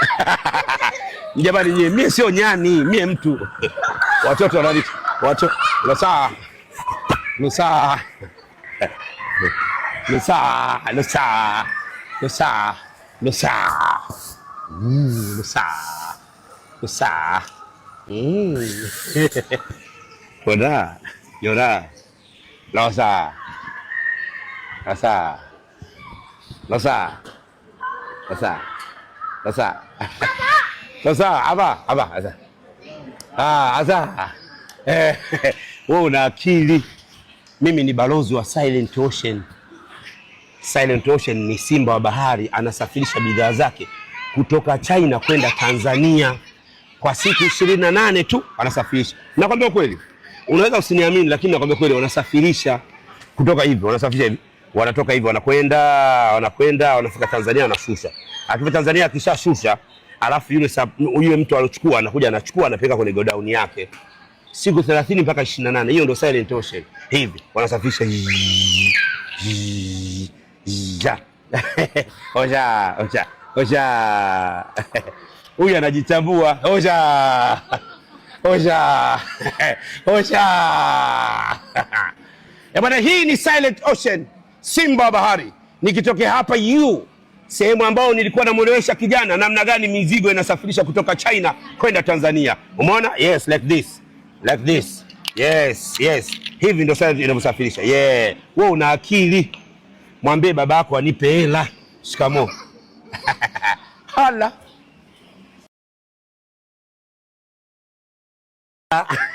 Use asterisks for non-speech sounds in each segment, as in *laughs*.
*laughs* Jamani nyie, mie sio nyani, mie mtu. Watoto wanalika watoto Lusaa, Lusaa, Lusaa, Lusaa, Lusaa, Lusaa, mm, Lusaa, mm. Lusaa. *laughs* Yona, Yona, Lusaa, Lusaa, Lusaa, Lusaa. Sasa sasa hapa hapa sasa, ah sasa eh, *laughs* wewe una akili. Mimi ni balozi wa Silent Ocean. Silent Ocean ni simba wa bahari anasafirisha bidhaa zake kutoka China kwenda Tanzania kwa siku ishirini na nane tu anasafirisha Nakwambia kweli, unaweza usiniamini, lakini nakwambia kweli wanasafirisha kutoka hivi, wanasafirisha hivi wanatoka hivyo, wanakwenda wanakwenda, wanafika Tanzania, wanashusha. Akifika Tanzania, akishashusha alafu yule yule mtu alochukua anakuja anachukua anapeka kwenye godown yake siku 30 mpaka 28. Hiyo ndio silent ocean, hivi wanasafisha ja oja oja oja, huyu anajitambua oja oja *laughs* oja. *laughs* Bwana, hii ni silent ocean simba wa bahari. Nikitokea hapa yu sehemu ambayo nilikuwa namwelewesha kijana namna gani mizigo inasafirisha kutoka China kwenda Tanzania. Umeona? Yes, like this. Like this. Yes, yes. Hivi ndio sasa inavyosafirisha. Yeah. Wewe una akili. Mwambie babako anipe hela. Shikamo. *laughs* Hala. *laughs*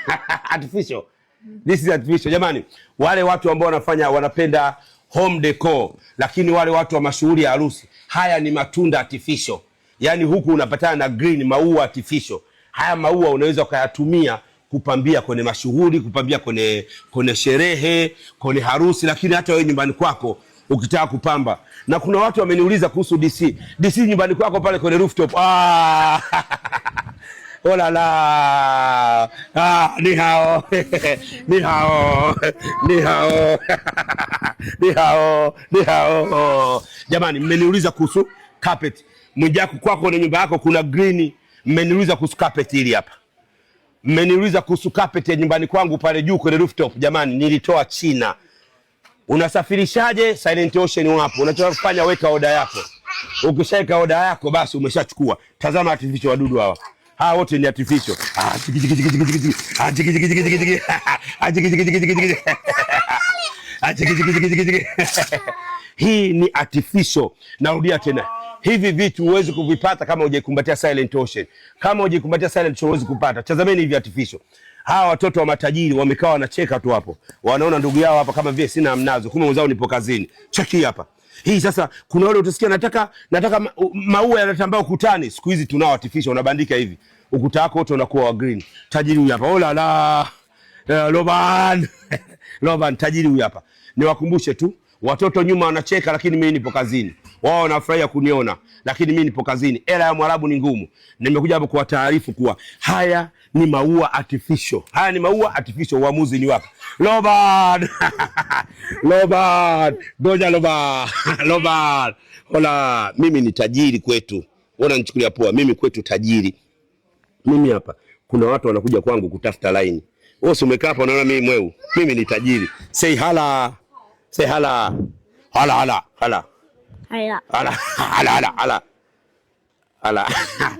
Artificial. This is artificial. Jamani, wale watu ambao wanafanya wanapenda home decor, lakini wale watu wa mashughuli ya harusi, haya ni matunda artificial. Yani huku unapatana na green, maua artificial. Haya maua unaweza ukayatumia kupambia kwenye mashughuli, kupambia kwenye kwenye sherehe, kwenye harusi, lakini hata wewe nyumbani kwako ukitaka kupamba. Na kuna watu wameniuliza kuhusu DC. DC nyumbani kwako pale kwenye rooftop. Ah! *laughs* Oh la la. Ah, ni hao. *laughs* ni hao. *laughs* ni hao. Dihao. Jamani, mmeniuliza kuhusu carpet. Mwijaku kwako na nyumba yako kuna green. Mmeniuliza kuhusu carpet hili hapa. Mmeniuliza kuhusu carpet ya nyumbani kwangu pale juu kwenye rooftop. Jamani, nilitoa China. Unasafirishaje? Silent Ocean wapo. Unachofanya weka oda yako. Ukishaweka oda yako basi umeshachukua. Tazama artificial wadudu hawa. Hawa wote ni artificial. Ah, Ah, *laughs* hii ni artificial. Narudia tena, hivi vitu huwezi kuvipata kama hujaikumbatia Silent Ocean. Kama hujaikumbatia Silent Ocean huwezi kupata. Tazameni hivi artificial. Hawa watoto wa matajiri wamekaa wanacheka tu hapo, wanaona ndugu yao hapa kama vile sina mnazo, kumbe mwenzao nipo kazini. Cheki hapa hii sasa, kuna wale utasikia nataka nataka maua yanatambaa ukutani. Siku hizi tunao artificial, unabandika hivi, ukuta wako wote unakuwa wa green. Tajiri huyu hapa, oh la la, eh, Loban. *laughs* Loban tajiri huyu hapa niwakumbushe tu watoto nyuma wanacheka, lakini mimi nipo kazini. Wao wanafurahia kuniona, lakini mimi nipo kazini. Hela ya Mwarabu ni ngumu. Nimekuja hapo kuwataarifu kuwa haya ni maua artificial, haya ni maua artificial. Uamuzi ni wako Lobad *laughs* Lobad goja Lobad *laughs* Lobad, hola, mimi ni tajiri kwetu, ona nichukulia poa, mimi kwetu tajiri. Mimi hapa kuna watu wanakuja kwangu kutafuta line, wewe umekaa hapa, unaona mimi mweu, mimi ni tajiri. Say hala Say hala. Hala hala hala. Hala. Hala hala hala. Hala. Hala.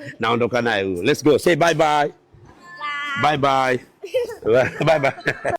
*laughs* Naondoka naye huyo. Let's go. Say bye bye. Bye bye. Bye bye. bye, bye.